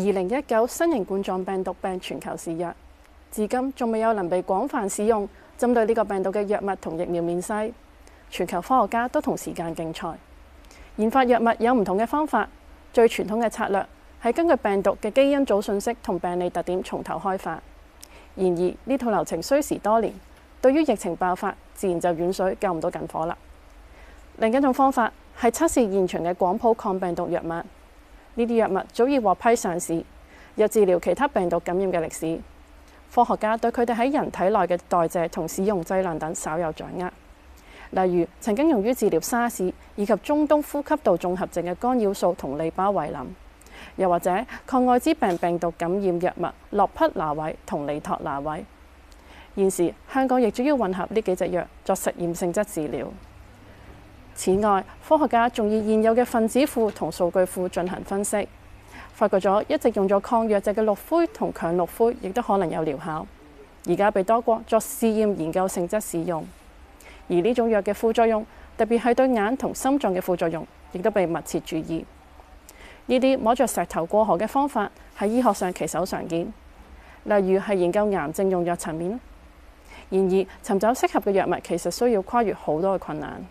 二零一九新型冠狀病毒病全球肆虐至今仲未有能被廣泛使用針對呢個病毒嘅藥物同疫苗面世。全球科學家都同時間競賽研發藥物，有唔同嘅方法。最傳統嘅策略係根據病毒嘅基因組信息同病理特點從頭開發，然而呢套流程需時多年，對於疫情爆發，自然就遠水救唔到近火啦。另一種方法係測試現成嘅廣譜抗病毒藥物。呢啲藥物早已獲批上市，有治療其他病毒感染嘅歷史。科學家對佢哋喺人體內嘅代謝同使用劑量等稍有掌握。例如，曾經用於治療沙士以及中東呼吸道綜合症嘅干擾素同利巴韋林，又或者抗艾滋病病毒感染藥物洛匹那韋同利托那韋。現時香港亦主要混合呢幾隻藥作實驗性質治療。此外，科學家仲以現有嘅分子庫同數據庫進行分析，發覺咗一直用咗抗瘧疾嘅氯喹同羥氯喹亦都可能有療效。而家被多國作試驗研究性質使用，而呢種藥嘅副作用，特別係對眼同心臟嘅副作用，亦都被密切注意。呢啲摸着石頭過河嘅方法喺醫學上其實好常見，例如係研究癌症用藥層面。然而，尋找適合嘅藥物其實需要跨越好多嘅困難。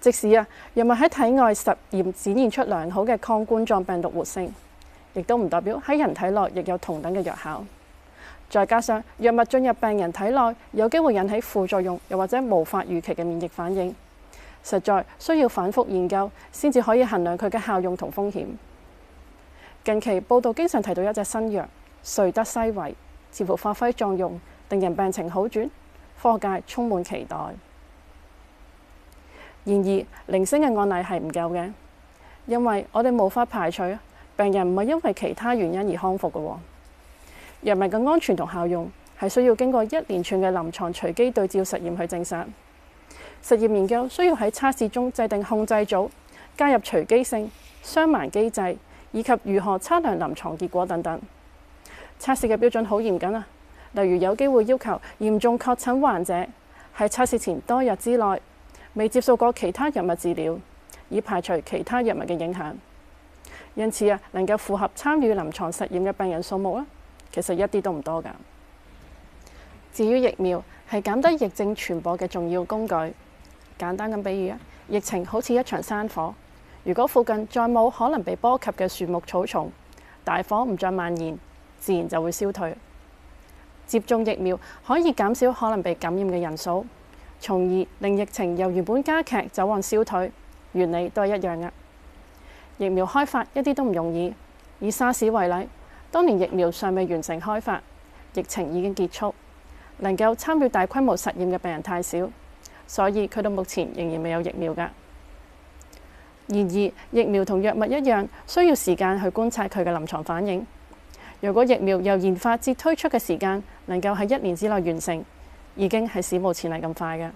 即使啊，藥物喺體外實驗展現出良好嘅抗冠狀病毒活性，亦都唔代表喺人體內亦有同等嘅藥效。再加上藥物進入病人體內，有機會引起副作用，又或者無法預期嘅免疫反應，實在需要反覆研究先至可以衡量佢嘅效用同風險。近期報道經常提到一隻新藥瑞德西維，似乎發揮作用，令人病情好轉，科學界充滿期待。然而零星嘅案例係唔夠嘅，因為我哋無法排除病人唔係因為其他原因而康復嘅，哦。藥物嘅安全同效用係需要經過一連串嘅臨床隨機對照實驗去證實。實驗研究需要喺測試中制定控制組、加入隨機性、雙盲機制以及如何測量臨床結果等等。測試嘅標準好嚴謹啊，例如有機會要求嚴重確診患者喺測試前多日之內。未接受過其他藥物治療，以排除其他藥物嘅影響。因此啊，能夠符合參與臨床實驗嘅病人數目啊，其實一啲都唔多㗎。至於疫苗，係減低疫症傳播嘅重要工具。簡單咁比喻啊，疫情好似一場山火，如果附近再冇可能被波及嘅樹木草叢，大火唔再蔓延，自然就會消退。接種疫苗可以減少可能被感染嘅人數。從而令疫情由原本加劇走往消退，原理都係一樣噶。疫苗開發一啲都唔容易。以沙士為例，當年疫苗尚未完成開發，疫情已經結束，能夠參與大規模實驗嘅病人太少，所以佢到目前仍然未有疫苗噶。然而，疫苗同藥物一樣，需要時間去觀察佢嘅臨床反應。如果疫苗由研發至推出嘅時間能夠喺一年之內完成，已經係史無前例咁快嘅。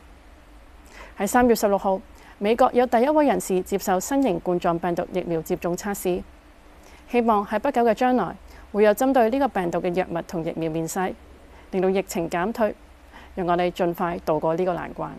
喺三月十六號，美國有第一位人士接受新型冠狀病毒疫苗接種測試，希望喺不久嘅將來會有針對呢個病毒嘅藥物同疫苗面世，令到疫情減退，讓我哋盡快渡過呢個難關。